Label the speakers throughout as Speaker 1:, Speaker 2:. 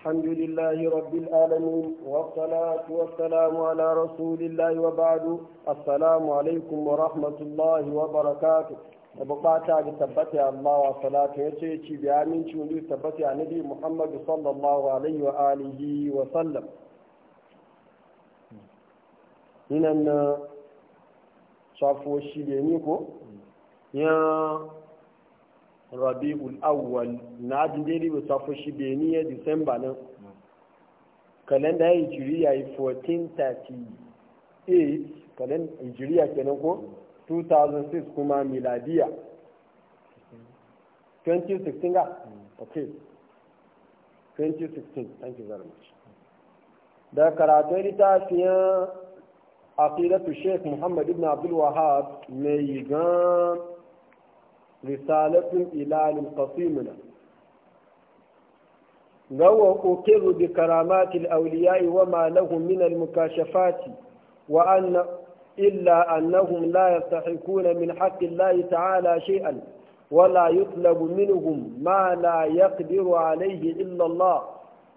Speaker 1: الحمد لله رب العالمين والصلاة والسلام على رسول الله وبعد السلام عليكم ورحمة الله وبركاته وبقاتا تبتي الله وصلاة يتشي بآمين شوندو تبتي عن نبي محمد صلى الله عليه وآله وسلم هنا شافوا الشيء يعني يا rabi'ul awwal na ajin daidai ba safo shi beni ya disamba nan kalenda ya hijiriya yi 1438 kalenda hijiriya kenan ko 2006 kuma miladiya 2016 ga ok 2016 thank you very much da karatu ya karatun littafin aqidatu sheikh muhammadu ibn abdul wahab mai gan رسالة إلى قصيمنا نوى أقر بكرامات الأولياء وما لهم من المكاشفات وأن إلا أنهم لا يستحقون من حق الله تعالى شيئا ولا يطلب منهم ما لا يقدر عليه إلا الله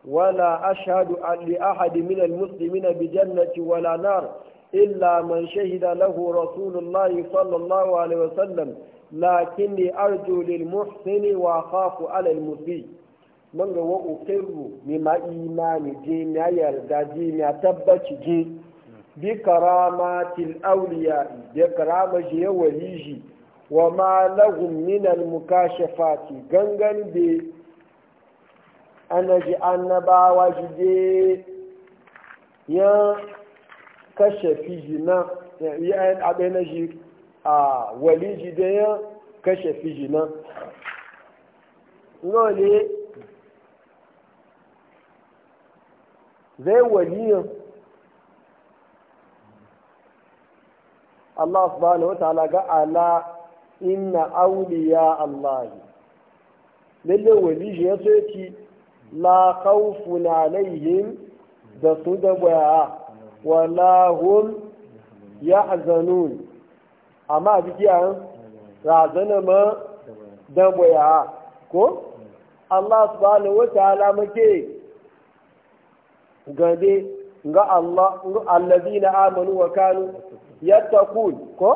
Speaker 1: ولا أشهد لأحد من المسلمين بجنة ولا نار إلا من شهد له رسول الله صلى الله عليه وسلم lakini arju lil muhsini wa khafu ala al musi man ga wa ukiru ni ma imani je ayar yarda je na tabbaci je bi karamatil awliya bi karama je ya waliji wa ma lahum min al mukashafati gangan be anaji annabawa jide ya kashe fiji na ya abin a wali ji kashe fiji nan ne zai waliyan Allah subhanahu wa ta'ala ga ala inna auliya Allah lalle wali shi ya ki la khawfun alaihim da su da wala hum amma a jiki a razana ma dan boya ko Allah subhanahu wa ta'ala muke gade ga Allah allazina amanu wa kanu yattaqun ko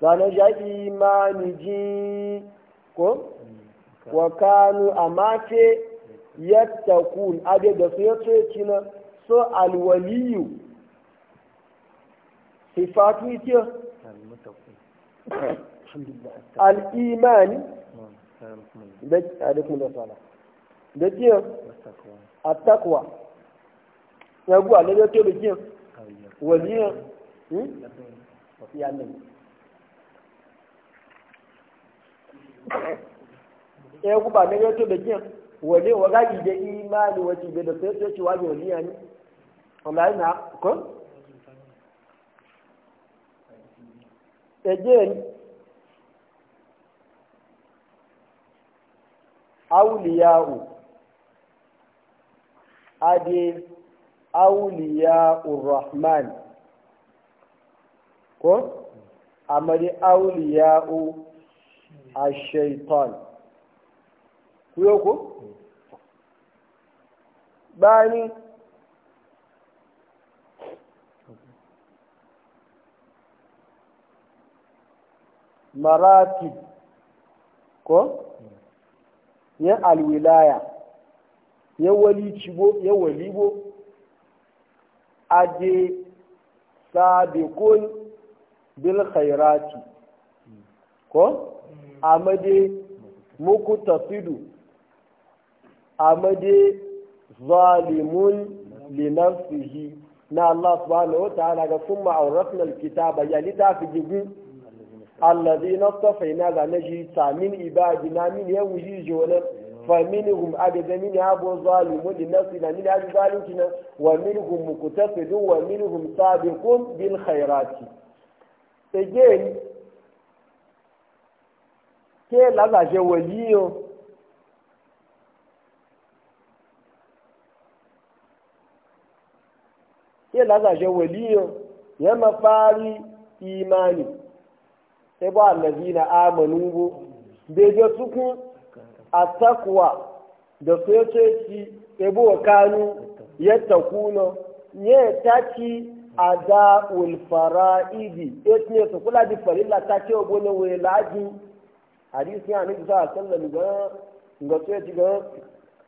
Speaker 1: zana ja imani ji ko wa kanu amake yattaqun ade da su yace kina so alwaliyu sifatu ita
Speaker 2: al'imani
Speaker 1: da da sala da kiyan attakwa ya gu a lalata da kiyan waliyan ya nan ya gu ba da kiyan waliyan wa gaji da imani wace da sai ce wajen waliya ne again auliya'u adi auliya'ur rahman ko amma dai auliya'u ash-shaytan kuyo ko bani maratib ko yan alwilaya yan walibo yan aje sabiqun bil khairati ko amade muku tafidu amade zalimun li nafsihi na Allah subhanahu wa ta'ala ga kuma awrasna al kitaba ya litafi jibu الذين اصطفينا ذا نجي من عبادنا من يوجي جونا فمنهم أجد من أبو ظالم لنفسنا من أجل ذلكنا ومنهم مكتفد ومنهم سابق بالخيرات again ke lalaje waliyo ke lalaje waliyo ya mafari imani sai ba allazi na amanu bu da ga suku a takwa da su ya ce ki ebo wa kanu yadda kuna ya ta ci a da ulfara idi ya ne su kula da farilla ta ce wa gona wai laji hadisi ya nufi sa sallan ga ga su ya ci ga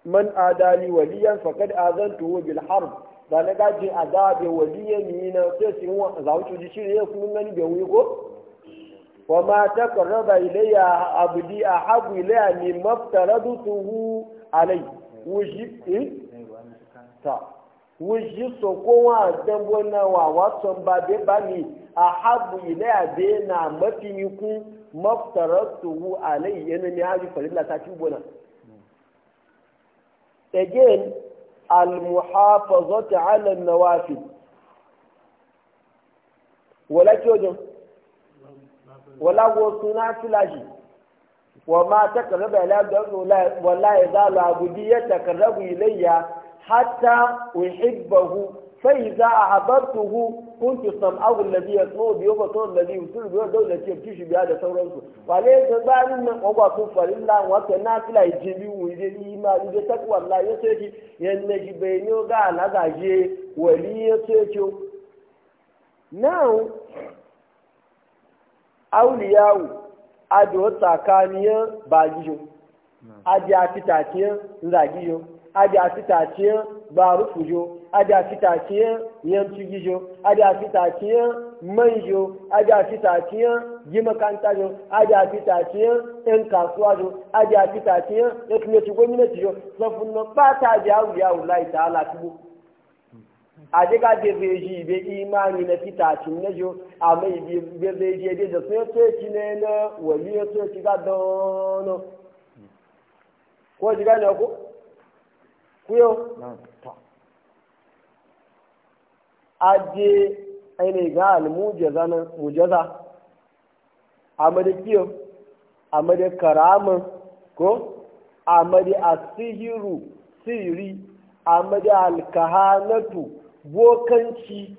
Speaker 1: man adali waliyan fakad azantu bil harb da na gaji a da bai waliyan yi na sai shi wa za ji shi ne kuma ngani bai ko wama ta karraba ilayya abu di a hagu ilayya ne mafitara dutuhu a lai wuji ta wuji so a dambo na wa wato ba be ba ne a hagu ilayya be na mafi yiku mafitara dutuhu a lai yana ne hagu falila ta cibo na again al-muhafazat ala nawafi wala kyojin wala go suna filashi wa ma taqraba ila wala ya ta karabu ilayya hatta uhibbahu fa idza ahabbtuhu kuntu sam'ahu alladhi yasmu bi wa alladhi yusiru bi wa dawlati yabtishu biha da sauransu wale la barin min qawwa sun farilla wata nafila wa wuje imani da takwa la ya sai yanne jibenyo ga alagaje wali ya now auliyawu ajo tsakaniyar bagiyo aji a fitakiyar zagiyo aji a fitakiyar barufujo aji a fitakiyar yanci gijo aji a fitakiyar manjo aji a fitakiyar gimakanta jo aji a fitakiyar yan kasuwa jo aji a fitakiyar ya tunaci gwamnati jo safin nan ba ta aji auliyawu lai ta halatu a daga da zai ji bai imani na fitacin na jo a mai bai zai ji e da sun soci ne na wani ya e soci ga dono ko ji gane ku kuyo a je ainihin ga almujaza na mujaza a madakiyo a madakaramin ko a madi asihiru siri a madi alkahanatu bokanci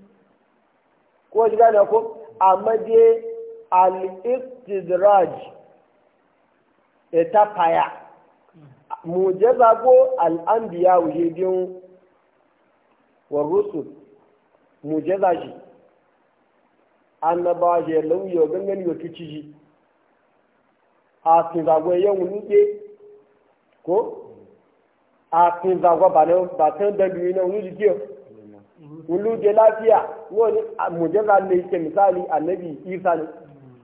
Speaker 1: ko ji gane ko amma dai al-iftidraj ta faya jaza ko al-anbiya wujudin wa Mu jaza shi annaba shi lauyo gangan yau tuci shi a tinzagwa yau nuke ko a tinzagwa ba tan dambiyu na wani jikiyar wulu je lafiya wani mujalla ne yake misali annabi isa ne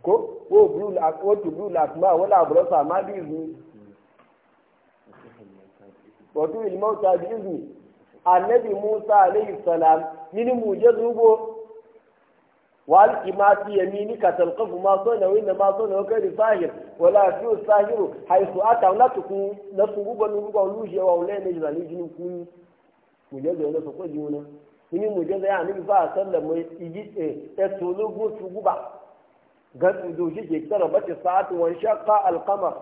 Speaker 1: ko wo bulu la ko to bulu la ma wala burasa ma bi izni wa tu il mauta bi izni annabi musa alayhi salam mini mujazu bo والقي ما في يمينك تلقف ما صنعوا انما صنعوا كيد ساحر ولا يفلو الساحر حيث اتى ولا تكون نفسه بنوبه ولوجه واولاد يجرى لجنكم مجاز ولا تقول mini mu eh, eh, je ya ni ba sallan mu igi e tulu gu su guba ga du shi ke tsara bace sa'atu wani shaqqa al qamar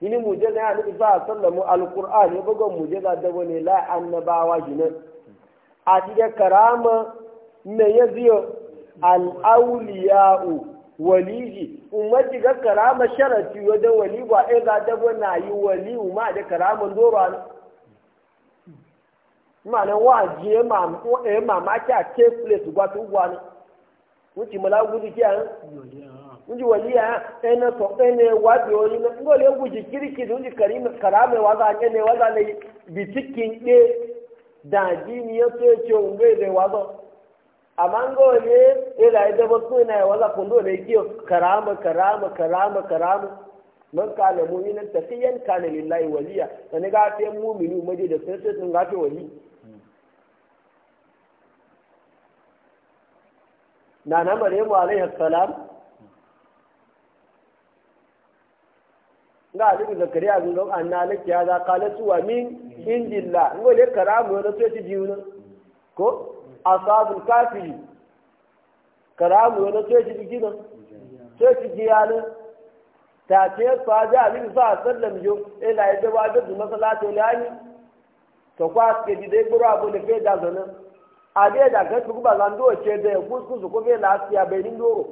Speaker 1: mini mu je ya ni ba a mu al qur'an ya bugan mu je da wani la annabawa jinan a cikin karama me ya ziyo al waliji umarci ga karama sharati wajen wali ba ai ga dabo na yi wali ma da karaman doro ma'anin wa'azi ya eh, mamaki eh, a ce place gwa tu gwa ni wuce mala guji ke an wuce ya ɗaya na so ɗaya ne wabi wani na ngo le guji kirki da wuce karame waza ne ne waza ne bitikin ɗe eh, da jini ya so ya ce ungai amma ngo ya da ya daba ya waza kundo karama karama karama karama na na maryamu alaihi salam ga alibi zakariya zun zan anna laki ya za kala suwa min indilla ngo le karamu na so ci jiuna ko asabul kafiri karamu na so ci jigina so ci jiyana ta ce fa ja alibi sa sallam yo ila eh, ya da wa da masalatu lani to kwa ke dai buru abu da fe da zanan abe da ka tuku ba zan do ce da kuskus ko be lafiya bai ni doro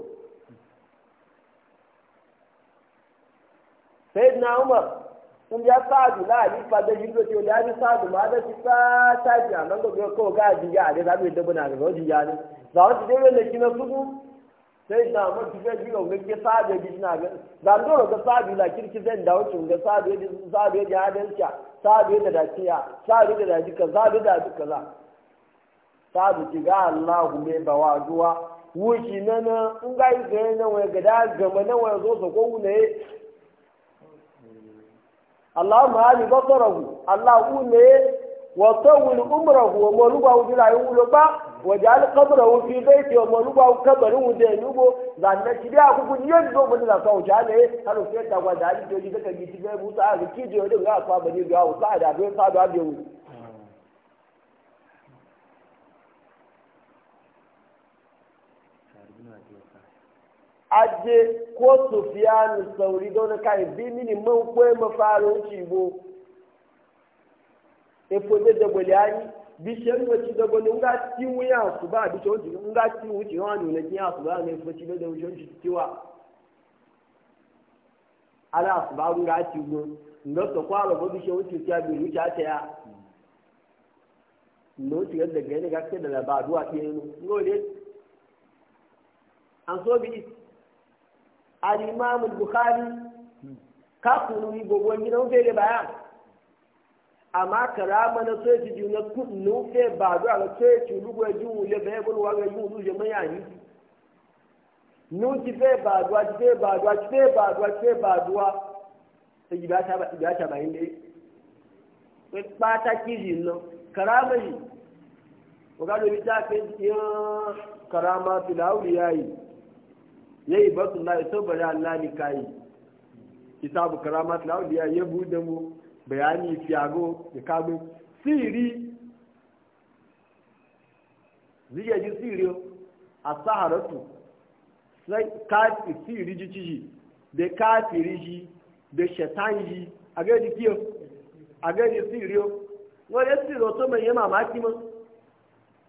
Speaker 1: sai na umar kun um ya sadu na ali fa da jindo ce da ali sadu ma da ci ta ta ji nan go ko ga ji ya da zabe da bana ga ji ya ne za wata dai wanda kina suku sai na umar ki ga jigo ga ke sadu ji na ga zan doro ga sadu la kirki zan dawo tun ga sadu ya ji sadu ji adalci sadu da daciya sadu da daji kaza da daji za. sabu ki ga Allahu mai bawa duwa na na in ga yi ga yana wai gada gama na wai zo so ko ne allah ali basarahu Allahu ne wa tawil umrahu wa maluba wa jira yulo ba wa jal qabrahu fi baiti wa maluba wa qabruhu da nugo zanna ki da ku ni yin do mu da sau jale har sai ta gwa da ji to ji daga gidi ga musa ga kije da ga fa ni ga wa sa da do sa da biyu aje ko sufiyanu sauri don kai bi mini man koyi mafarin cibo efo de da bali ani bi shan wa nga ti wuya su ba bi shoji nga ti wuci wa ni ne ya su ba ne fo ci da wuci ci wa ala su ba nga ti go nga to kwa lo bi ya bi wuci ya no ti ga ga ke ba no an so bi al-imam al-bukhari ka kunu yi gogon gina wufe da baya amma karama na so ci juna kunu fe ba zuwa ga so ci lugo ji wule bai gulwa ga yi wulu je maya ni nu ci fe ba zuwa ci fe ba zuwa ci fe ba zuwa ci fe ba zuwa ta ji ba ta ba ji ta ba inda yi ba ta kiji no karama yi ko ga do bi ta ke yan karama filawli yayi ya yi ba su na ito bari ya lani kayi kitabu karamat laudiya ya bude mu bayani fiago da kagun siri zige ji siri a saharatu sai kafi siri ji ciji da ka kafiri ji da shaitan ji a ga ji kiyo a ga ji siri yo wani siri wato mai yi mamaki ma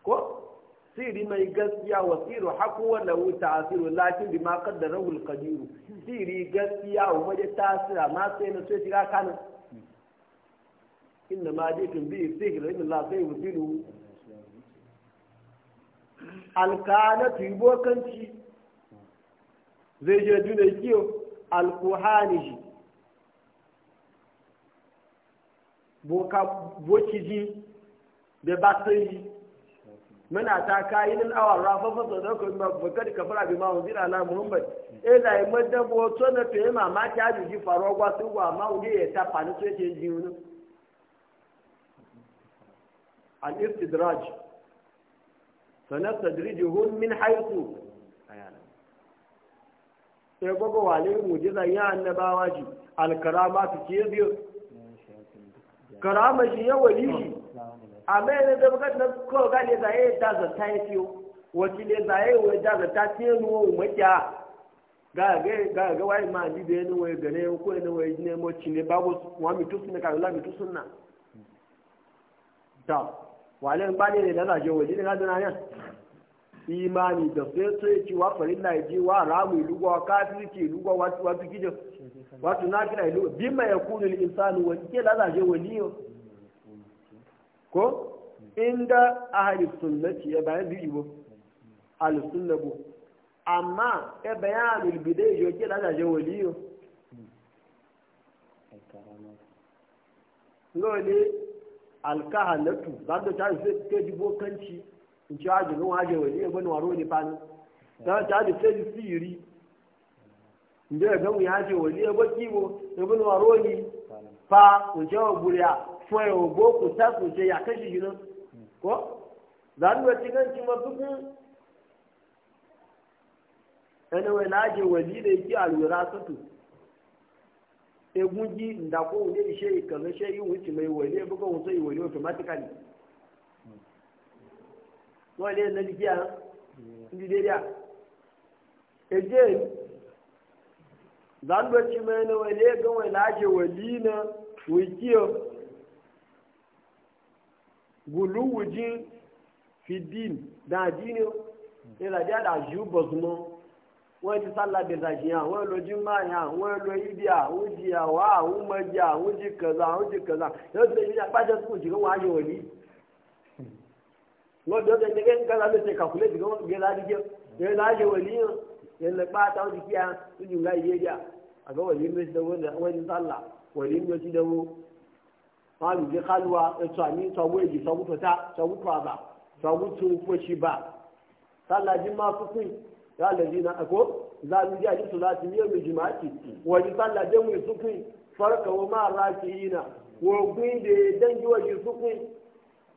Speaker 1: ko siri mai gaskiya wa siru haku wanda wuta asiru lakin bi ma kaddara hul kadiru siri gaskiya wa waje tasira ma sai na sai shiga kana inna ma jikin bi sihir inna la sai yusilu alkana yi bokanci zai je duna kiyo alkuhani boka bokiji da batayi muna ta kayin awar rafa fasa da kuma mafakar kafara bi ma'un zira na muhammad eh da yi madabo to na yi mamaki a jiji faruwa gwa ma ma'uni ya ta fani so yake ji wani an istidraj sanar tadriji hun min haiku sai gwagwa wale mujizan ya annabawa ji alkarama su ke biyu karama shi ya wali shi amma yanzu da bukatu na kawai ga ne zaye da zata ya fiyo wace ne zaye wai da zata ce nuwa umarciya ga ga ga ma ji da yana ya gane ko yana ya ji nemo ci ne babu wa mi suna ne ka la mi suna ta wale ba ne da zaje waje ne ga dana ya imani da sai sai ci wa farin farilla ji wa ramu lugo wa kafirci lugo wa wa fikije wa tunafira lugo bima yakunu al insanu wa ke la zaje waliyo ko inda ahli sunnati ya bayan bi ibo ahli sunna bo amma ya bayan ahli bidai yo ke da je waliyo lole alkahalatu za ta ta sai ta ji kanci in ci haji nan haji waliyo bane waro ne fa ta ta ji sai siri in je ga mu haji waliyo ba kibo ibn waro ne fa in je wa buriya fọyọ̀ ògbó kò sáfù ṣe ya yìí náà kọ́ zanu ẹ̀ ti kàn ti mọ tuntun ẹni wẹ̀ láàjì wali lè jí àlùyọ̀rá sọ̀tù egun jí ndàkó òun yé iṣẹ́ ìkànnì iṣẹ́ ìwé tìmọ̀ ìwẹ̀lí ẹ̀ bọ́kọ̀ òun sọ ìwẹ̀lí automatically wọ́n lé lẹ́ni jí à ń di dédé à na guluwujin fidin da adini ìlàdí àdàjù bọ̀sùmọ́ wọ́n ti sálà bẹ̀sàṣìyàn àwọn olójú máyà àwọn olóyè ìdí àwọn ojì àwọ̀ àwọn ọmọdé àwọn ojì kẹsà àwọn ojì kẹsà yóò tẹ̀lé ní apáṣẹ sùkùn jìgá wọn ayọ̀ òní. wọ́n tó tẹ̀lé ní kẹsà ló ṣe kàkúlé jìgá wọn gẹ̀ẹ́lá díjẹ́ gẹ̀ẹ́lá ayọ̀ òní yàn gẹ̀ẹ́lá pátá ó ti kí a ó ti ń ga ìyẹ́ yà àgbẹ̀wò ní mẹ́sì wọn lè dé kálíwá ètò àní sọwọ́ èyí sọwọ́ tó ta sọwọ́ tó àbà sọwọ́ tó fòṣì bá ya máa ako, za mu ji ẹ̀kọ́ zanúdí àdìsọ láti ní èmi jùmọ̀ àti wọ́n yìí sálàjì mú farka wa ma raki yi na wogun da ya dangi wa yusufu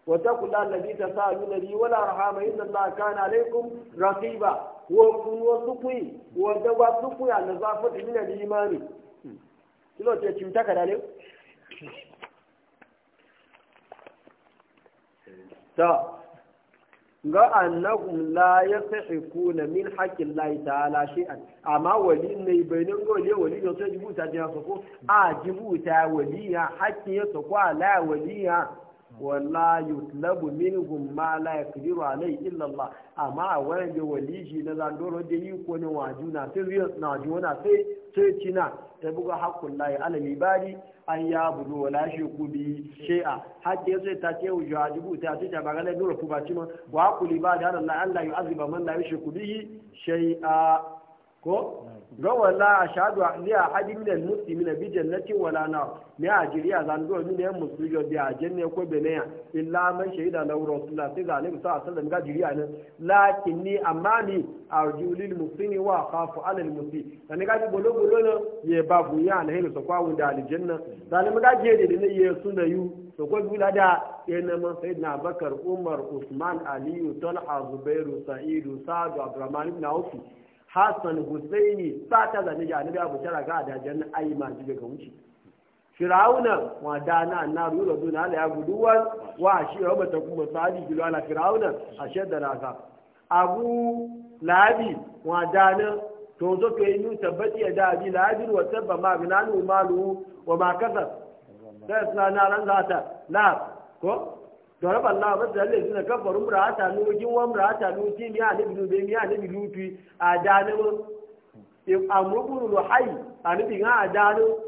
Speaker 1: wata kula labi ta sa nuna yi wala rahama inna Allah kana alaikum raqiba wa kun wa sukui wa da wa sukui Allah zafa min al-imani kilo ce cimta ka dale ta ga annahum la yastahiquna min haqqin lahi ta'ala shay'an amma wali ne bainin gole wali ne sai jibuta jina soko a jibuta ya haqqin ya soko ala ya wala yutlabu minhum ma la yakdiru alai illa Allah amma wani da wali shi na zandoro da yi ko ne wajuna sai na juna sai sai cina ta buga haqqin lahi ala ibadi an ya budu wala shi ku bi shay'a hakki ta ce wajibu ta ce ta bagala dole ku ba ma wa kuli ba da Allah Allah yu'aziba man la yushriku bihi shay'a ko gawa la ashadu li ahadi min al muslimina bi jannati wala na ne ajiriya zan do min ne musulmi bi ajanne ko bene benaya illa man shahida lahu rasulullah sai zalim sa sallam ga jiriya ne lakinni amani a lil muslimi wa khafu ala al muslim kan ga bi bolo bolo ne ye babu ya ne hele so kwa wanda al janna zalim ga je de ne ye sunna yu so ko bula da yana man sayyidina abakar umar usman aliyu talha zubairu sa'idu sa'd abdurrahman ibn awfi hassan husaini sa ta zane ga abu tara ga adajen ayi ma ga wuce Firawuna, wa dana na ruru duna na ya guduwan wa shi ya ta kuma sadi gilu ala firawuna a shedda rasa abu labi wa dana to zo ke yi tabbati ya dabi labin wa tabba ma ginanu malu wa ma kasa sai na ran zata la ko da rafa Allah ba su zalle suna kafarun murata nu ginwa murata nu ki miya ne bidu bai miya ne bidu tu a dano a murburu e, lo hai a nufi nga a dano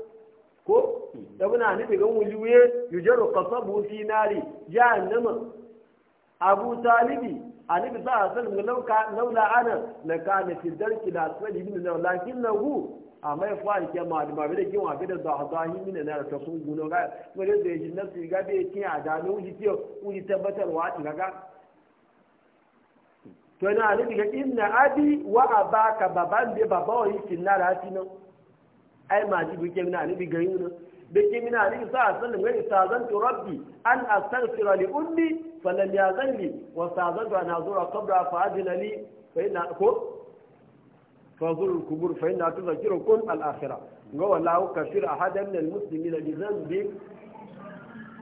Speaker 1: ko da kuna nufi ga wujuye yujaro kasabu fi nari ya nama abu talibi a nufi sa a sanin lauka laula ana na kane fi darki da asali bin da lakin na hu amma ya fara ke ma da mabe da ke wa da za a zahi mina na ta sun guno ga wani da shi na su ga bai kin a da ne wuji ke tabbatar tabbatarwa a tilaga to na alibi ga inna abi wa abaka baban da baba wa yi kin na rafi nan ai ma ji buke mina alibi ga yi nan da ke mina alibi sa a sallam gani sazantu rabbi an astaghfira li ummi falam yazanni wa sazantu an n'azura qabra fa adina li fa ina ko فزور القبور فإنها تذكركم الآخرة والله كفر أحدا من المسلمين بذنبه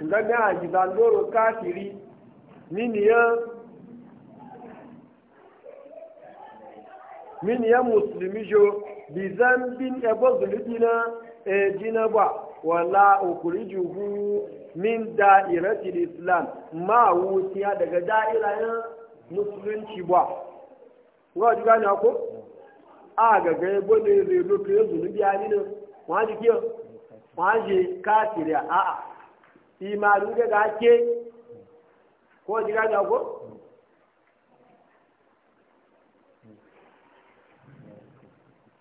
Speaker 1: ngani a jidandoro kafiri miniyan miniyan musulmi jo bi zambin ebo zulubina e jina ba wala ukurijuhu min da'iratil islam ma wuciya daga da'ira musulunci ba ga ji gani ko aga ga ebo na ere ero ka ezu ndị anyị na nwa ji kiyo nwa ji kaatiri a a ime alụ ndị ga ake ka o ko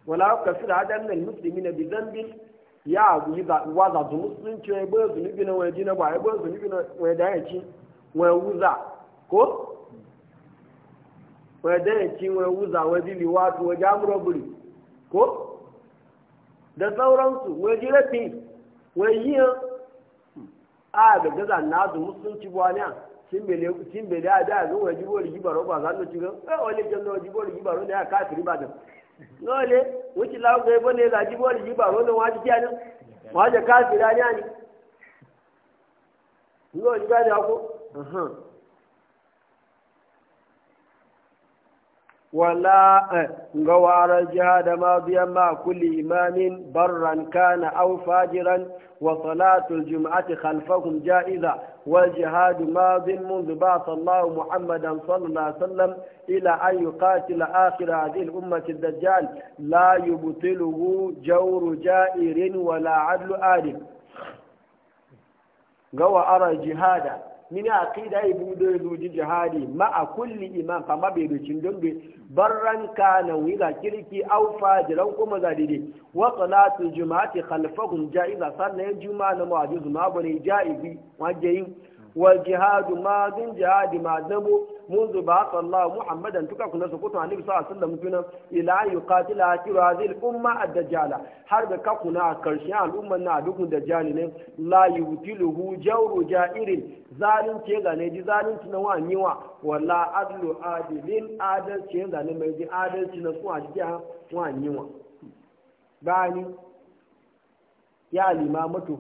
Speaker 1: wala e e ka da adan nan muslimi na bizambi ya abu yi za wa za zu musulunci wa ezu nibi na wa ji na ba ebo ezu nibi na wa da yanci wa wuza ko wadda ya ci wani wuza waje liwatu waje amuraburi ko da sauransu waje rafi waje yi a ga gaza na su musulunci buwaniya cin a da ga waje bori gibaro ba za ci ga wale da waje bori ne a ba da ya bane da waje bori ne waje nole ولا آه، غوار الجهاد ماضيا مع كل إمام برا كان أو فاجرا وصلاة الجمعة خلفهم جائزة والجهاد ماض منذ بعث الله محمدا صلى الله عليه وسلم إلى أن يقاتل آخر هذه الأمة الدجال لا يبطله جور جائر ولا عدل آدم غوار الجهاد mini aqida ibu da zuji jihadi ma a kulli imam kama bai da cin bar barran kana wiga kirki au fajiran kuma zadide wa jima'a juma'ati khalfahum ja'iza sannan juma'a na mu'ajiz ma bane ja'izi wajeyin والجهاد ما دون جهاد ما دمو منذ بعث الله محمدا تكاكو الناس كتو عن النبي صلى الله عليه وسلم كنا إلى أن يقاتل آخر هذه الامه الدجالة حرب كاكونا كرشان الامه نادوك الدجال لا يبتله جور جائر ظالم تيغا نجي ظالم تنوى نيوى ولا عدل عادل عادل تيغا نمجي عادل تنسوى جيها وانيوى باني يا متو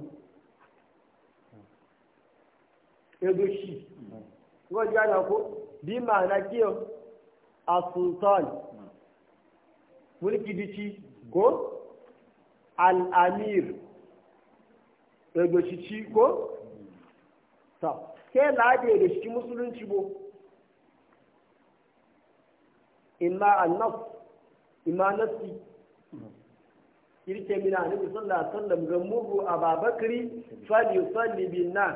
Speaker 1: edo shi wọ́n jẹ́ àná kó bí màánà kí o asultan ki dici ko al'amir edo shi ko ta ke lade da shi musulunci bo imma annaf imma nafsi kirke mina annabi sallallahu alaihi wasallam ga mugu ababakri fali yusalli bin nas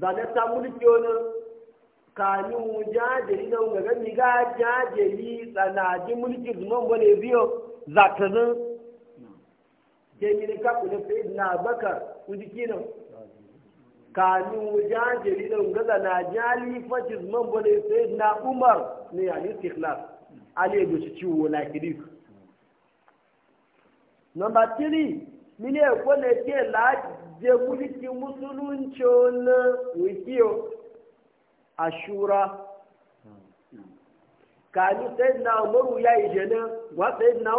Speaker 1: zane ta mulki wani kanu jajiri na ga gani ga jajiri tsanaji mulki zuman wani biyo zakanin jami'in kaku da fi na baka kuji kinan kanu ni na ga zana jali fashe zuman wani sai na umar ne a yi tiklas ale da shi ciwo na kiri number three mini ẹ̀kọ́ lè tiẹ̀ láti jẹ múlítì mùsùlùmí ọ̀nà wíkíọ̀ àṣúra kàní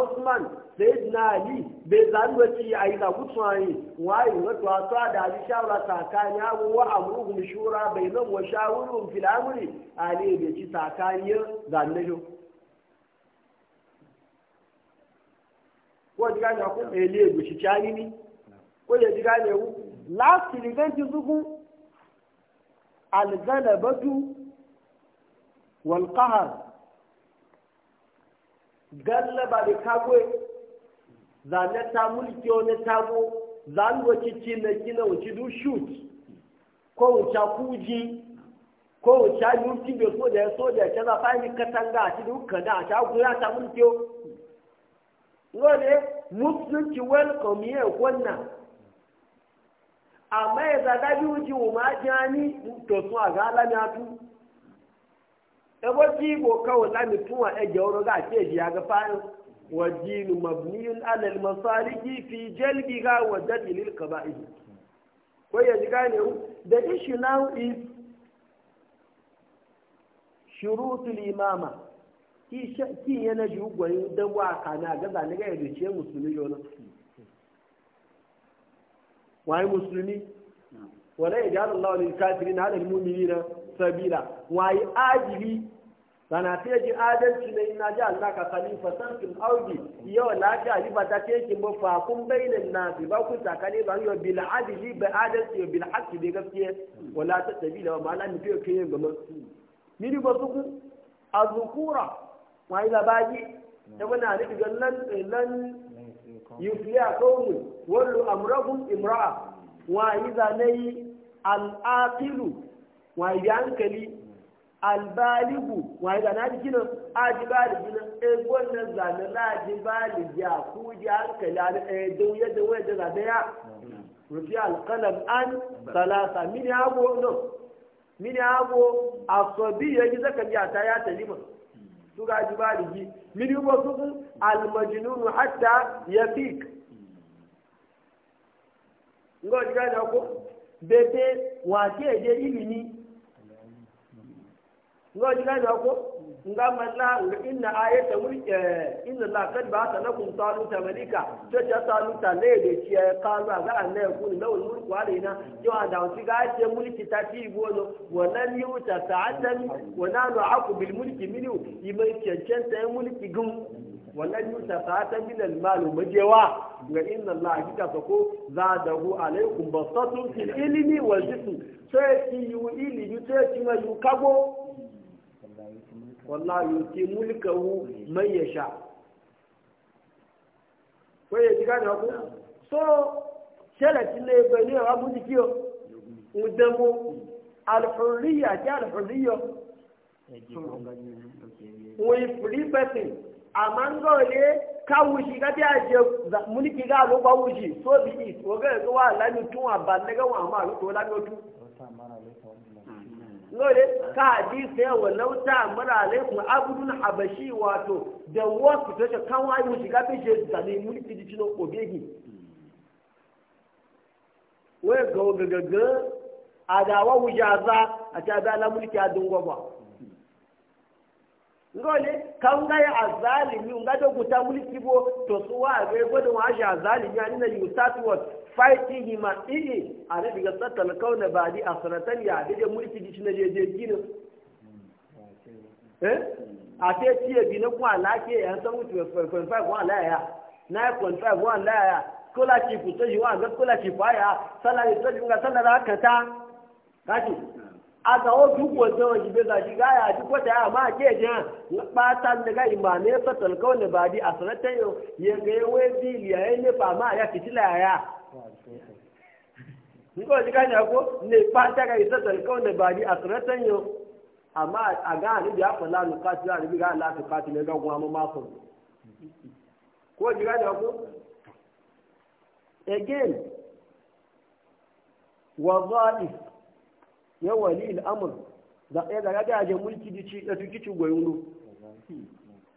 Speaker 1: usman sẹ́yìn náà ali bẹ́ẹ̀sà ń lọ sí àyíkàkùtù àyìn wọ́n ayò lọ́tọ̀ àtọ́ àdàbí Bai sàkáyé awọ́wọ́ àmúhùn ṣúra bẹ̀yìn náà wọ́n ṣàwùrù fìlàmùrì àlẹ́ ìbẹ̀tì ko ji gane ku me eh, le gushi chani ni ko ya ji gane ku last ni gan ji zuku al wal qahr galaba da kagwe zane ta mulki wani tago zango cici na kina wuci du shoot ko wuce kuji ko wuce yuki bai soja ya soja ya kaza fahimci katanga a cikin a ya ta mulki wel musulunci welcome ye kwanna amma ya zaga bi wuji wo ma jani to sun aga ala ni atu ebo ji bo kawo la mi tuwa e eje oro ga ke ji aga fa wa dinu mabniyun ala al masaliki fi ga wa dadi lil qaba'id ko ya ji gane the issue now is shurutul imama kin yana ji gwayin dawa kana gaza na gaya da ciye musulmi yau waye musulmi wala ya jala Allah lil kafirin ala al na sabila waye ajili sana ta ji adalci ne ina ji Allah ka kali fasantul audi yau la ji ali ba ta ce kin ba fa kun bainan nas ba ku takane ba yau bil adli ba adalci bil haki bi gaskiya wala ta sabila ba ma'ana la mi fiye kiyen gama miri ba su ku azukura ma yi labaji ta wani hadithi hmm. ga nan eh, nan yufli a kawo wallo amurakun imra'a hmm. wa yi zane yi al'aqilu wa yi hankali hmm. albaligu wa yi zane hadithi na ajibali gina egon eh, na zane na ajibali ya ku ji hankali a ɗau eh, yadda wai da zane ya rufi alƙalam an salasa min hago no mini hago asobi ya yi ta ya talima suga ji ba ligi mini ba su kun almajinunu hatta ya fik ngo ji gani ko bete wa ke je ilimi ngo ji gani ko nga malla nga inna ayata mulki eh, inna la kad ba ta lakum ta malika to ta taluta ne da ci kaza ga anna ya kun lawul mulku na to a da wuci ga ce mulki ta ci bono wannan ta ta'addan wa nanu aku bil mulki minu ibai ta ya mulki gum wannan ta ta bil al malu majewa nga inna la kika sako zadahu alaikum basatun fil ilmi wal jism sai ci yu ilmi sai ki ma yu kago wallahi yuti mulkahu man yasha ko ya diga da ku so sharati ne bai ne wa mu dikiyo mu demo al-hurriya ta al-hurriya wai free person amma ngole ka wushi ka ta je mulki ga lo ba wushi so bi is ko ga ga wa lani tun aban daga wa ma ko lani tun lore ka hadisi ya wa lauta mara alaikum abudun habashi wato da wasu ta ce kan wayi mu shiga bishe da ne ti di cino obegi wai ga gagaga adawa wujaza a ta da la mulki a dungo ba ngole kaunga ya azalimi ungado kutanguli kibo tosuwa ve godo waje azalimi anina yusatu wa fighting hima ii ana diga satal kauna badi asratan ya dide mulki dishi na je gino eh ate tiye bina kwa lake ya san mutu 5.5 kwa la ya 9.5 kwa la ya kola ki kuto jiwa ga kola ki faya sala yi to nga sala da kata kaki aga otu wajen wajen bai zashi gaya a duk wata yara ma a ke jiya bata da ga imane fatal kawai ba di a sanata yau ya ga ya wai bili ya yi nefa ma ya fiti laya nko wajen gani ko ne fata ka isa talkau da ba di a sanata yau amma a ga ni biya fala lukati ya rubi ga Allah su kati ne ga kuma mu mafu ko wajen gani ko again wa zaif ya wali al'amur Za ɗaya da raga ajiyar mulki da ci ɗatu kici goyuno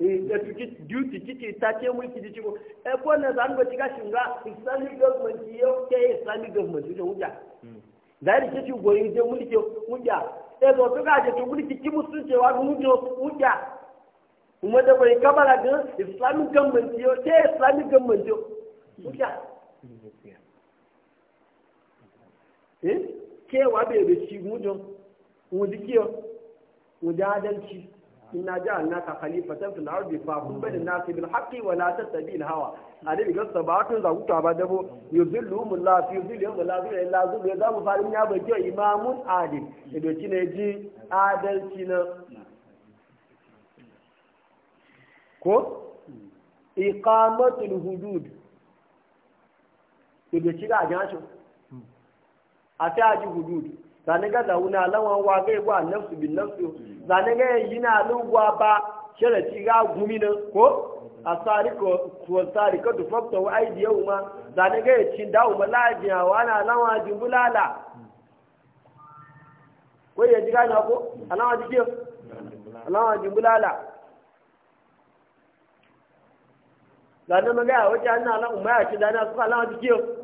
Speaker 1: ɗatu eh, kici duty kici ta ce mulki da ci eh, ko e ko na zan ba tiga shinga islamic government yau ke islamic government da hujja da ya kici goyun je mulki hujja e zo to ga je to mulki ki musun cewa hujjo hujja kuma da bai kamara ga islamic government yau ke islamic government hujja eh kewa bai da ci gudun wuji kiyo wuji adalci ina ji annaka khalifatan fil ardi fa hum bil nasi bil haqqi wa la tattabi hawa. hawa adabi ga sabatun za kuta ba dabo yuzilluhum la fi yuzilluhum la fi illa zu ya zamu farin ya bace imamun adil ido kine ji adalci na ko iqamatul hudud ido ga ajashin a aji ji hudud zane ga zauna lawan wa ga ibu nafsu bin nafsu zane ga yi na lugwa ba sharati ga gumi nan ko a sariko ko sariko to fakta wa aidi yau ma zane ga cin dawo malajiya wa na lawa jimbulala ko ya ji gani ko alawa jike alawa jimbulala zane magaya wajen ana lawa umma ya ci dana suka alawa jike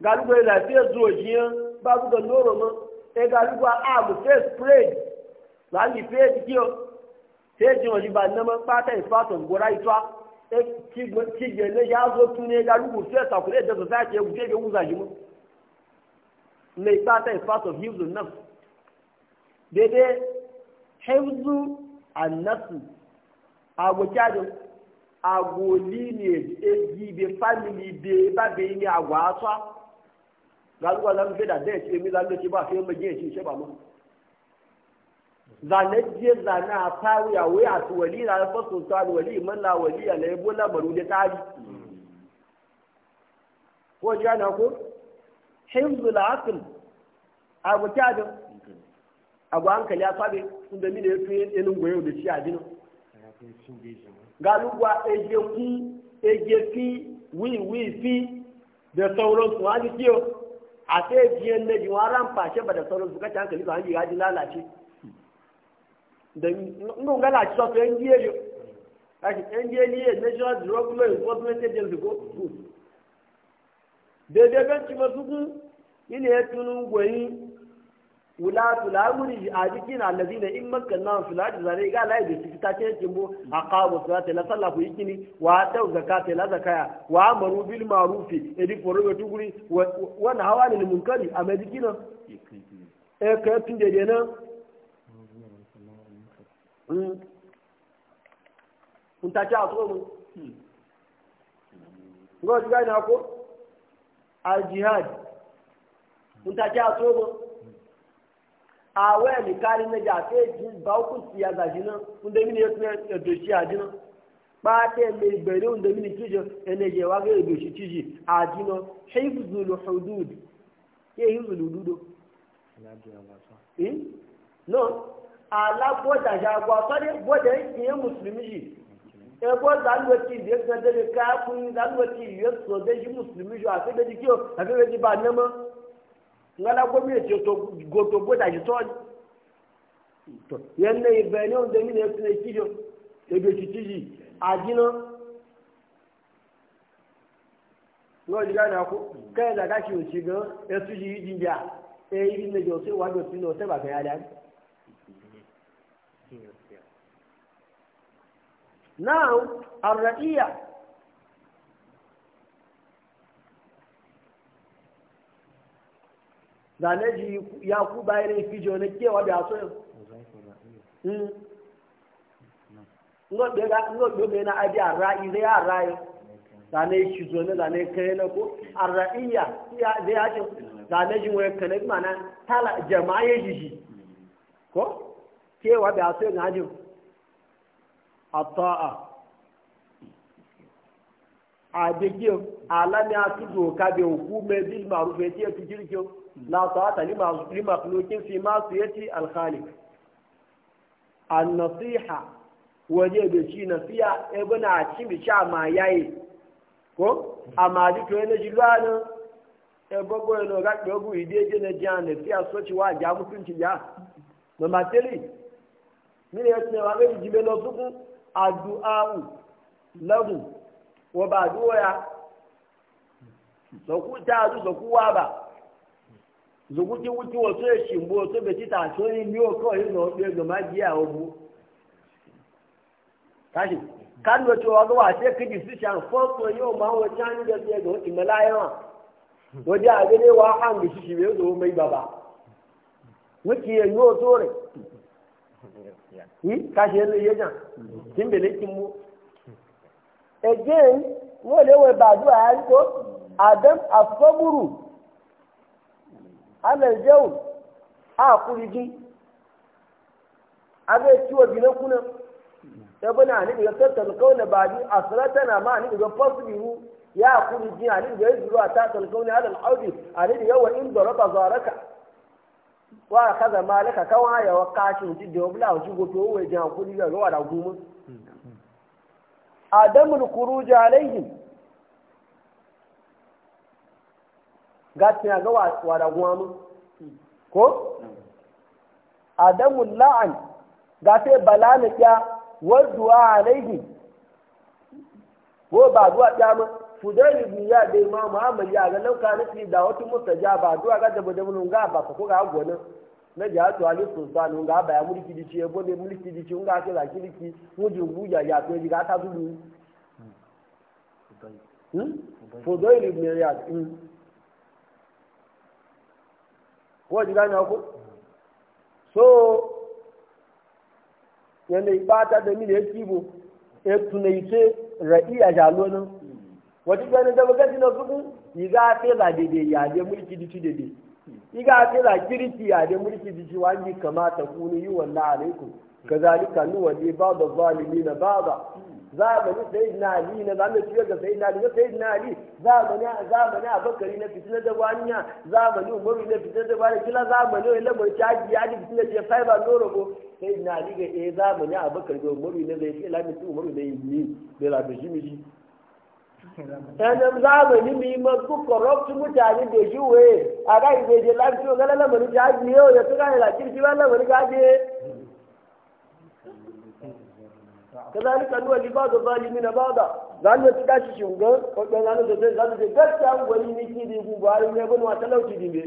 Speaker 1: galugo yi lafiya zuwa jiya babu ga noro ma e galugo a amu face parade lali face kiyo face jin wajen ba nama pata is part of gora itwa e kigbe ya zo tun ne galugo face akure da society ya guje ga wuza jimu ne pata is part of hibzu nafs daidai hibzu an nafsu agwakadin agoli ne eji be family be babe ne agwa atwa galuwa zamu fi da dai ce mi zamu ci ba sai mu je ci ce ba mu zane je zane a faru ya wuya su wali na fa su ta wali man la wali ya lai bola baru da tari ko jana ko hifzul aql abu tadu abu hankali ya sabe sun da mine yato yanin goyo da shi a jinin galuwa eje ku eje fi wi wi fi da sauransu ma ji kiyo a sai biyan na jiwa ran fashe ba da sauran su kace hankali ba hanji gaji lalace da ngon gala ci so yan giye yo kashi yan giye ni ne national drug law enforcement agency ko daidai ganci masu kun ina ya tunu gwayin wulatu lamuri a jikin allazi na in makanna su lati zare ga lai da su ta ce kimbo a kawo su ta la sallah ku yikini wa ta ta la zakaya wa amaru bil ma'rufi edi foro ga tuguri wa na hawani lil munkari a mai jikin e eh, ka tun da dena kun hmm. ta ta so mu ngo ji ga na ko al jihad kun ta ta so mu awon ẹni kárí méjì àti èjì bá ó kù sí àgàjì náà ń dẹ́mi ní ètò ìṣe yi pàtẹ́ ẹ̀mẹ ìbẹ̀rẹ̀ ń dẹ́mi ní tíjọ ẹni ẹ̀jẹ̀ wá gé ètò ìṣe tíjì àjìnà hifzul hudud kí èyí zùlù dúdú. no alábọ́dà ṣàgbọ́ àtọ́dé bọ́dà ìyẹn mùsùlùmí yìí ẹgbọ́ zanweti ìwé gbẹdẹ́lẹ̀ káàkiri zanweti ìwé sọ̀dẹ́jì mùsùlùmí yìí àti ngala gwamnati goto boda shi to ye yanne ibani on da mine tune ebe kitiji ajina ngo diga na ko kai da gashi o ci e su ji ne jo wa ga now zaneji ya ku bayan ifijo na kewa da so yau hmm. ngobe na adi arra'i zai arra'i zane shi zo na zane kai na ko arra'iya ya zai hakin zane jin wayar kana mana tala jama'a jiji ko kewa da so na hajin ata'a a dekiyo alami a tuzo ka bai hukume bil maruf e ya ce ya fi jirgin la sa'ata li makhluqin fi ma'siyati al-khaliq an-nasiha waje da shi nasiya e bana ci bi sha ma yayi ko amma di to ne ji lwana e bogo no ga dogu ide je ne jan ne fi aso ci wa ja mutunci ya mama teli mi ne yasne wa ga jibe lo suku addu'a lahu wa ba'du'a sokuta su sokuwa ba zukuti wuti wasu ya shimbo wasu bai tita so ni ni o kawai yin zaune ɗaya gama biya wa bu kashi kan da cewa ga wace kaji su shan fosto yau ma wace hannu da su ya ga wata malayawa wajen a gane wa an da shi shi bai zo mai baba wuki ya yi wato ne yi kashi yanzu ya jan kin bele kin mu again wọ́n lè wọ ìbàdúrà yàrá kó adam asọ́bùrù alal jawl a kuriji aga ciwo binan kuna ta bana ni daga tattal kauna ba bi asratana ma a ni daga fasbihu ya a kuriji ani daga zuwa tattal kauna alal audi ani daga wa in da darata zaraka wa zama malaka kawai haya wa kashin da wa bula shi goto wa jan kuri ga wa da gumu adamul khuruj alaihim gatin ga wada gwanu ko adamu la'an ga sai bala na kya wadduwa alaihi ko ba zuwa kya ma fudari bi ya dai ma muhammad ya ga lauka na fi da wata mustaja ba zuwa ga da bada ga ba ko ga gona na ji to ali sultan ga ba ya mulki di ce bo ne mulki di ce ga ke la kiriki mudi buja ya to ji ga ta dudu hmm. hmm? fudari bi ya hmm. ko ji gane ku so yana ibata da mini ya kibo ya tunaice ra'iya jalonin wata gani da bakaci na suku yi ga tela daidai ya dai mulki dici daidai yi ga tela kirki ya dai mulki dici wani kamata kunu yi wannan alaikum kazalika nuwa ne ba da zalimi na ba zamani sayyidina ali na zamani ciyar da sayyidina ali na sayyidina ali zamani zamani abakari na fitina da waniya zamani umaru na fitina da wani kila zamani wani lamar caji ya ji fitina ce faiba noro ko sayyidina ali ga eh zamani abakari da umaru na zai ce lamin umaru na yi ni da lamin shi miji yanzu zamani mu yi masu corrupt mutane da shi waye a ga ibe je lafiyo ga lamarin caji yau ya suka yi lakirki ba lamarin caji kazalika nuwalli ba'da zalimina ba'da zan yi tuka shi shingan kwakwai zanu da zai zanu da gaskiya gwani ne ki da gugu har ne bin wata lauci dimbe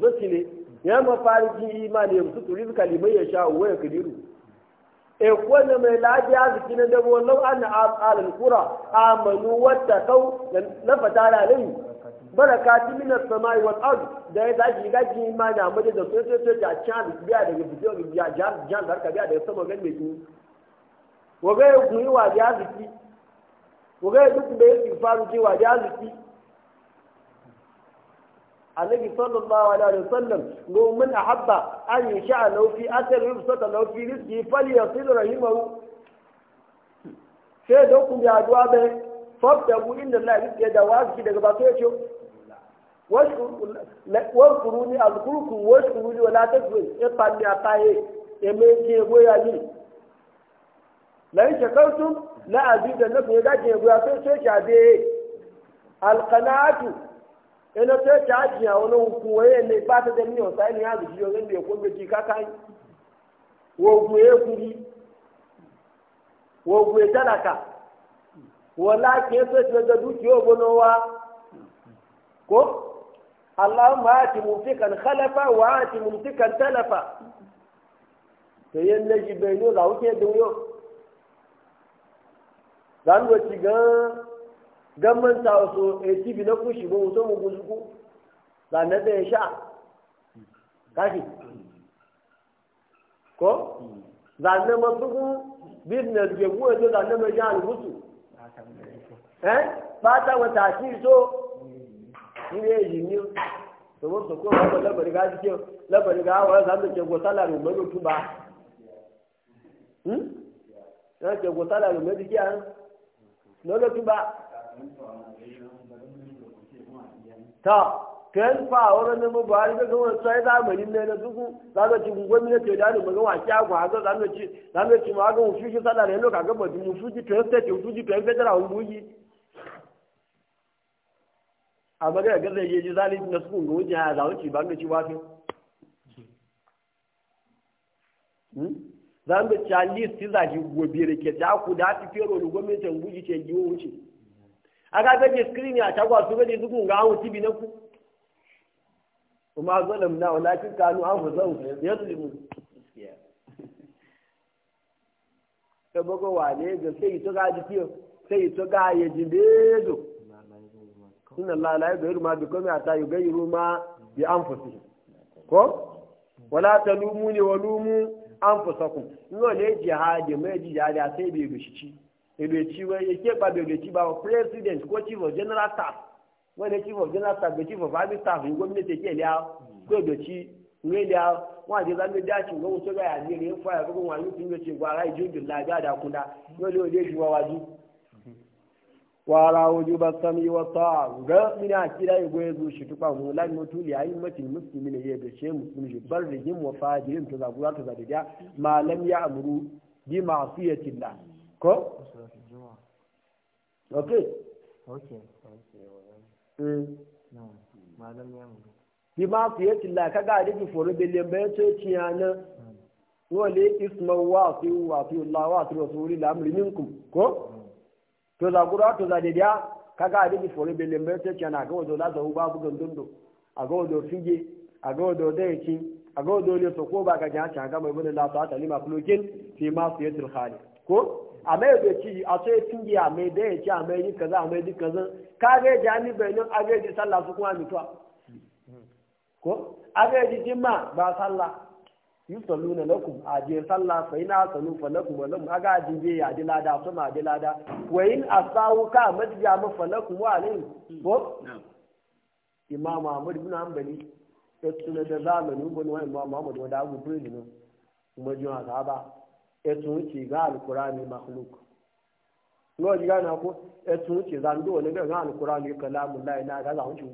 Speaker 1: so ci ne ya mafarki imani su turi kalimai ya sha uwa ya kadiru e kwanne mai lafiya ziki na dabo lau an na alal kura amanu wata kau na fatara alayhi barakati minas samai wal ard da ya tashi ga ji ma na mu da so so so ta chan biya daga biyo biya jan jan da ka biya daga sama gan me ki wa ga ku yi wa ya ziki wa ga duk da yake faru ji wa ya ziki annabi sallallahu alaihi wasallam go a ahabba an yasha law fi asr yusata law fi rizqi falyasil rahimahu sai da ku ya duwa bai fabtabu inda Allah yake da wasu daga ba sai ce waskuruni azkurkum waskuruni wala takfurun e panni ataye e me ke boya ni lai shakartum la azida na ko gaje boya sai ce ka de alqanaatu ina sai ta ajiya wani kuwaye ba ta da niyo sai ni ya zuci talaka wala ke so ce da dukiyo gonowa ko Allahumma ati mumtikan khalafa wa ati mumtikan talafa to yen na ji bai no da wuke dunyo dan go ci ga gamman ta so e bi na kushi bo so mu guzuku sha kashi ko ma jan busu? ẹ́ pátá wọn tà sí ìṣó nílé èyí ní tòwó tòkó lọ́gbọ̀n lọ́gbọ̀n ká jíjẹ́ lọ́gbọ̀n ká wọ́n sá ló jẹ̀gbọ́ sálárì òmẹ́ ló túbà wọ́n jẹ̀gbọ́ sálárì òmẹ́ ti jẹ́ àrùn lọ́lọ́ ba ta. kan fa wurin gawar na duku zaka ci gwamnati da ne magan waki agwa haka zaka ci zaka ci ma ga musu shi sallah ne lokaci ga badu musu ji to sai musu ji to federal un buji ji na hmm? su ga wujin ha zawo ci ba ga ci wafi zan ga chali ti za ji gobe rike ku da fero gwamnatin screen ya su ga tibi na ku وما ظلمنا ولكن كانوا أنفسهم يظلمون ta bago wane ga sai ito ga jiki sai ito ga ya jinde zo inna la la yughayyiru ma bi qawmin hatta yughayyiru ma bi anfusihim ko wala ne wa lumu an anfusakum no le jihadi mai jihadi sai bai bishi ci bai ci wai yake ba bai ci ba president ko chief of general staff wanda chief of general staff da chief of army staff yin gwamnati ke liya ko da ci ne liya wa je zan da ci gwamnati so ga ya ne ne fa ya bugun wani tun da ce gwara jundun la ga da kula dole ne shi wa waji wala wujuba sami wa ta'a ga mina kira yi goye zu shi tukwa mu lan mutu li ayi mati muslimi ne ya gace muslimi shi bar rigin wa fajirin ta zagura ta zadiya ma ya amuru bi ma'siyatillah ko okay okay bi ma fiye tilla ka ga adiki foro biliyan bayan ce ciya na wale isma wa fi wa fi la wa fi rasuli la amri minkum ko to za gura to za dediya ka ga adiki foro bele mbe ce ciya na ga wato la zahu babu gandundo a ga wato fige a ga wato dayaki a ga wato le to ko ba ga jaha ga mai bin la ta talima kulokin fi ma fiye til khali ko a mai da ci a a mai da ya ci a mai yi kaza a mai yi kaza ka ga ya ji bai aga ji sallah su kuma mutuwa ko aga ji jimma ba sallah yusalluna lakum a je sallah fa ina salu fa lakum wa lakum aga ji je ya dilada su ma lada wa a asawu ka madja ma fa lakum wa alayhi ko imam ahmad ibn hanbali ya da zamanin wa imam kuma jiwa etun ci ga alkurani makhluk lo ji gana ko etun ci zando ne ga alkurani kalamullahi na ga zan ci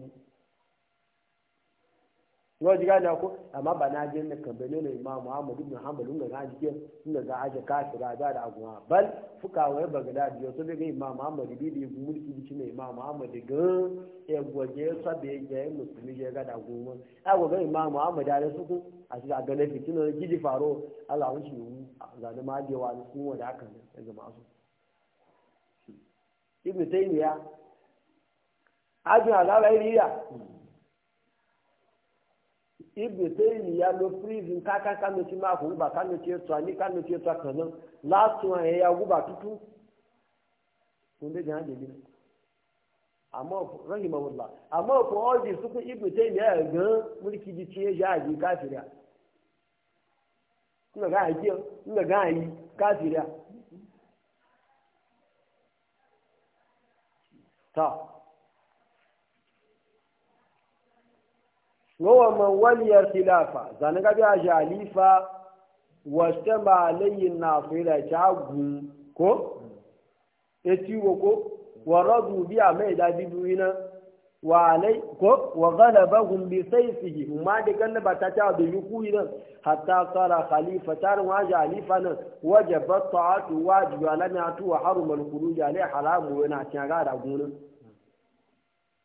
Speaker 1: no jiga da ko amma ba na jinna ka bane ne imam Muhammad ibn Hanbal mun ga jike mun ga aje kafira da da aguwa bal fuka wai Baghdad yo to ga Muhammad bi da mulki bi ne imam Muhammad ga e goje sabe ga musulmi ya ga da goma a ga imam Muhammad da su ku a ga na gidi faro Allah wuce ma aka ne ga ibn Taymiya ajin ibn taymi ya lo prison kaka kano ci ma ko ba kano ci to ani kano ci to kano la to e ya guba tutu kunde e ga de bin amma rahimahullah amma ko oji su ku ibn taymi ya ga mulki ji ci ya ji kafira kuma ga haji kuma ga yi kafira ta wa man waliyar khilafa zanen gabi a jalifa wasta ma layin na jagu ko ya ciwo ko wa radu biya mai da bibiyu na wa alai ko wa galaba bi saifihi ma da galaba ta ta da yuku nan hatta tsara khalifa tarin wa jalifa nan wajabat ta'atu wajiba lam yatu wa harumul khuruj alai haramu yana tiyaga da gunan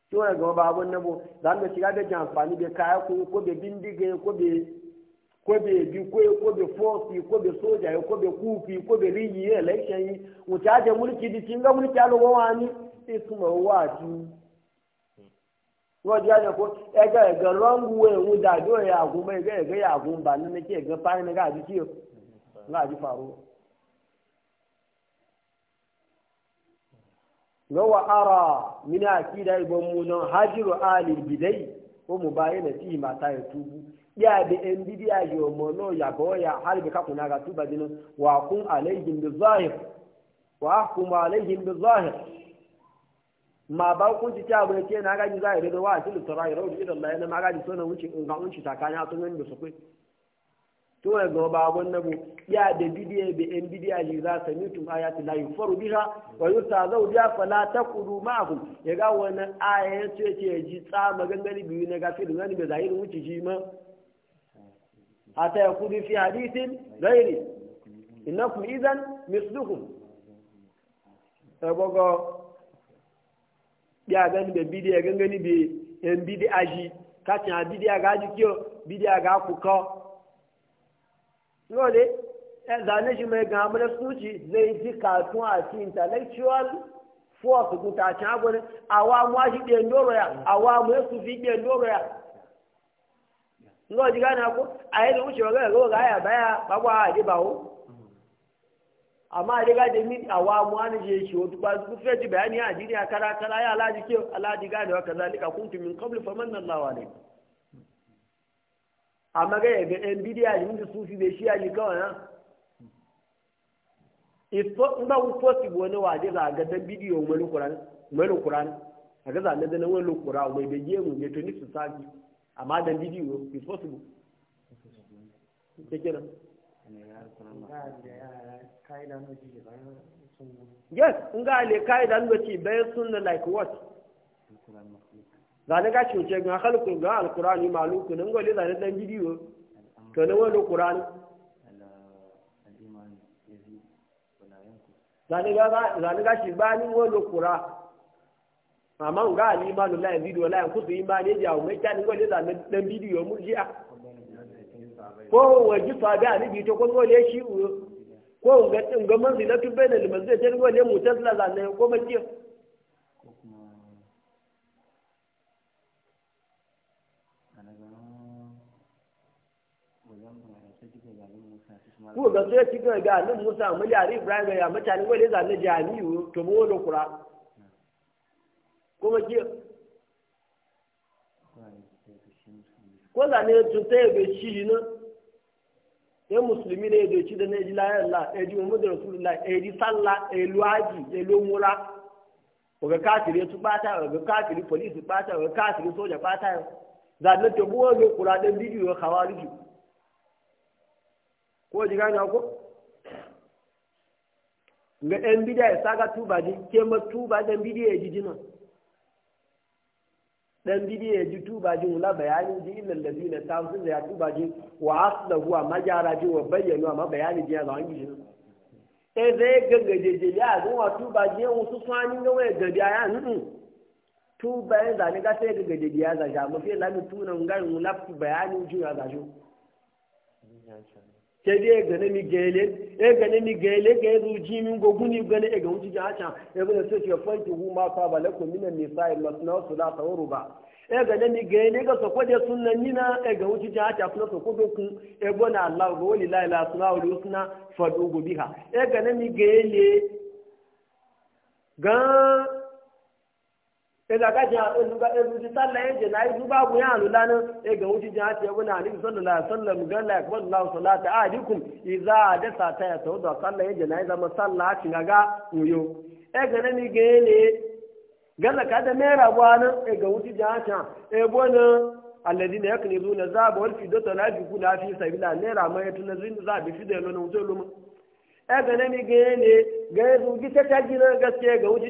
Speaker 1: ki wani gaba babun nabo za mu shiga da jin amfani da kaya ko ko da bindiga ko da ko da bi ko ko da force ko da soja ko da kufi ko da riyi election yi mu ta da mulki di kinga mulki alo wani isma waju wọ́n na àjọ kó ega ẹ̀gẹ́ lọ́ngù ẹ̀hún dàdó ẹ̀yà àgùnbọ̀ ẹgbẹ́ ẹ̀gẹ́ ẹ̀yà àgùnbà nínú kí ẹ̀gẹ́ párí nígbà ga wa ara mina akida ibon munan hajiru alil bidai ko mu bayyana fi mata ya tubu ya bi en bidiya yo mono ya goya har bi kakuna ga tuba dinin wa kun alaihim bi zahir wa ahkum alaihim bi zahir ma ba kun ci ta bai ce na gaji zahiri da wa tilu tarai rawu ila Allah na magaji so na wuce in ga unci takanya sun yi su kai to ya ga ba wannan bu ya da bidiyar da yan bidiyar ji za ta mutu ayati la yufaru biha wa yutazaw biha fala taqulu ma'ahu ya ga wannan aya ce ce ji tsa magangani biyu na gafi da zani be zahirin wuce ji ma ya yakudu fi hadithin ghairi innakum idan misluhum sabogo ya gani be bidiyar gangani be en bidiyar ji kacin a bidiyar ga ji kiyo bidiyar ga kuka lóde ẹ̀dánì e ṣì mọ ẹ̀gàn amúlẹ̀ sùúrùjì zai di cartoon àti intellectual force gùn tà na àgbọ̀nẹ̀ àwọn amú àṣìgbè ńlọrọ̀ yà àwọn amú ẹ̀sùn fi gbè ńlọrọ̀ yà lóde gánà kó àyẹ̀lẹ̀ ń ṣọ̀rọ̀ ẹ̀rọ ráyà báyà pápá àdébàwó àmọ́ àdégáde ní àwọn amú àníṣe ìṣòwò tó bá fẹ́ ti bẹ̀rẹ̀ ní àdínní àkàràkàrà yà aládìgánà ọkàn amma ga yaga yan bidiya ne inda sufi bai shiya ne kawai na isto in ba wuto si wani waje za ga dan bidiyo wani kuran wani kuran a ga zane da wani kura mai da mu ne to ni su sabi amma dan bidiyo is possible ke yes in ga le kai dan ci bayan sunna like what zane ga cuce ga halku ga alkurani maluku nan gole zane dan bidiyo to ne wani kurani zane ga shi ba ni wani kura amma ga alimanu la bidiyo la yankusu imani ya mai tani gole zane dan bidiyo a ko waji sabi a nibi to ko gole shi ko ga da limanzai ta gole mutasla zane ko makiyo ko ga sai ci ga ga nan Musa mali ari Ibrahim ya mutane wale za na jami'u to mu da kura. kuma ki ko za ne tun ta yi shi ne ya musulmi ne da ci da ne jila ya Allah ya ji Muhammadu Rasulullah ya ji salla ya luwaji ya lomura ko ga kafiri su bata ga kafiri police bata ga kafiri soja bata za na to mu da kura da bidiyo ko jiga gane ko Nga en bidia ya saga tuba di kema tuba ɗan bidiya e ji jina ɗan bidiya ya ji tuba ji bayani ji illal ladina ta sun da ya tuba ji wa aslahu wa majara ji wa bayyana ma bayani ji ya zan ji jina ɗan e zai gangaje je ya zo wa tuba ji yan wasu sani ga waya gabi za yan tuba ya zane ga sai gangaje ya zaja mafi lamin tunan garin wula bayani ji ya ju kedi egane mi gele egane mi gele ga yazo ji min gogun ni gane ega wuci ji hacha e bane so ce fanki hu ma fa balakum min nisa'i masna egane mi ga so kode sunnan nina ega wuci ji hacha kuma so kode allah go wali la ilaha illa na husna biha mi ga kaza ka ji haɗin ɗin ya yi zuba ku ya ga wuce wani gan la dasa ta ya ya yi zama cin ga e ga nan ga ne galla ka da mai rabuwa nan e ga wuce ji hace e eh, bona alladina yaknizuna zaba wal fidata la yakuna fi sabila ne rama ya tunazin zabi fidelo na wuce lumu e ga nan ga ne ga zuci ta ta gina gaske ga wuce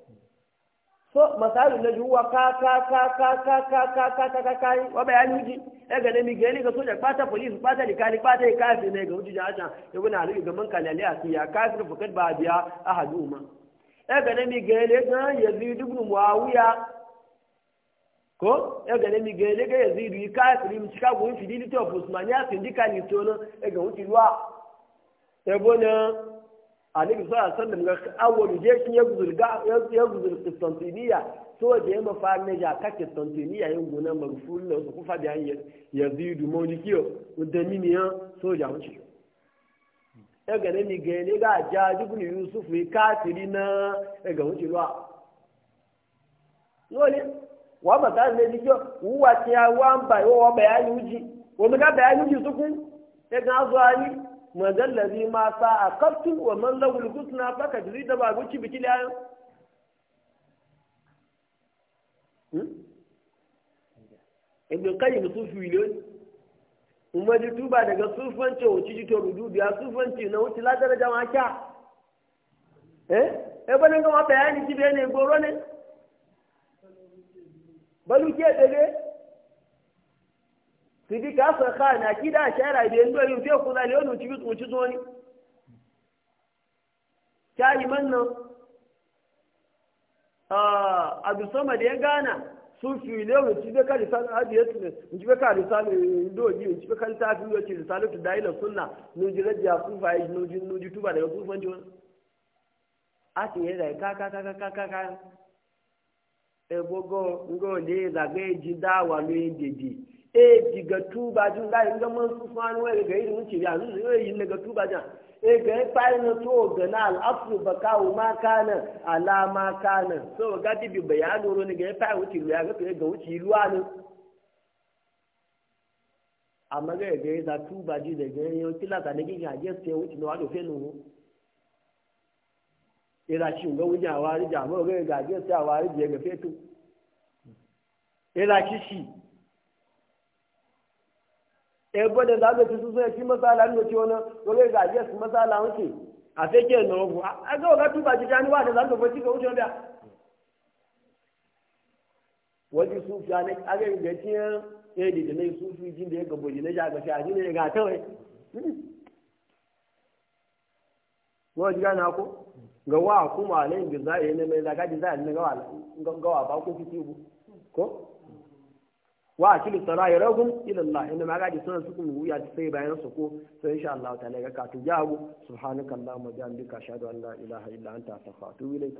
Speaker 1: so masalu na juwa ka ka ka pata police kafi ne ga jaja e wona alu ga man asiya kafir ba biya e ga ne ga yazid ibn muawiya ko e ga ne ga yazid yi annabi sallallahu alaihi wasallam ga awwalu jeshin yagzul ga yagzul qistantiniya to da yamma fa ne ja ka qistantiniya yin gona marful la su kufa da yazidu monikiyo da miniya soja wuce ya ga ne ga ne ga jaji ibn yusuf yi kafiri na ga wuce ruwa lole wa ba ta ne dijo uwa ti awa ba yo wa bayani uji wa ga bayani uji sukun ya ga zo ali man zallazi ma sa a kaftun wa man lagul gusna faka jiri da ba guci biki layan ibn qayyim musu ne kuma ji tuba daga sufanci wuci ji to rudu ya sufanci na wuci la daraja ma kya eh e bane ga ma bayani ki bene goro ne balu ke dege sidi ka fa kha na kida shara be ndo yu fe kula le onu chibi uchi zoni kai manno ah abu sama da ya gana sun fi le onu chibi ka risal hadi yatu ne chibi ka risal ndo ji chibi ka ta fi yochi risalatu daila sunna nu ji rajja ku fa yi nu ji nu ji tuba daga ku fanjo a ti yeda ka ka ka ka ka ka ebogo ngo le zagbe ji dawa lo yin deji e ga tuba jin ga yin gaman su fani wai ga irin wuce ya zuzu yau yin daga tuba jan e ga to ga na al'afu ba kawo ma na, ala ma na. so ga bibi bayanu ro ne ga ya ga ga wuce ruwa ne amma ga ga yi tuba ji da ga yau kila ta ne e ga je fe shi ga a ga ga je a wari je ga fetu ira e shi shi ebe eh, da zaga ci sun sai masala ne ci wani wani ga yes masala wuce a sai ke na rubu a ga ga tuba ji jani wa da zaga ba ga wuce da wani su ne a ga ga ya di da ne su fi jin da ya gabo ji na ja ga shi a ji ya ga ta wai ji gana ko ga wa kuma alayhi bi ne mai zaga ji ne ba ko ko wa akilu ya ila ilallah inda ma gadi sunan su kuma wuya sai bayan su ko sai insha Allah ta'ala ga ka tujabu subhanakallahumma wa bihamdika ashhadu an la ilaha illa anta astaghfiruka wa atubu ilayk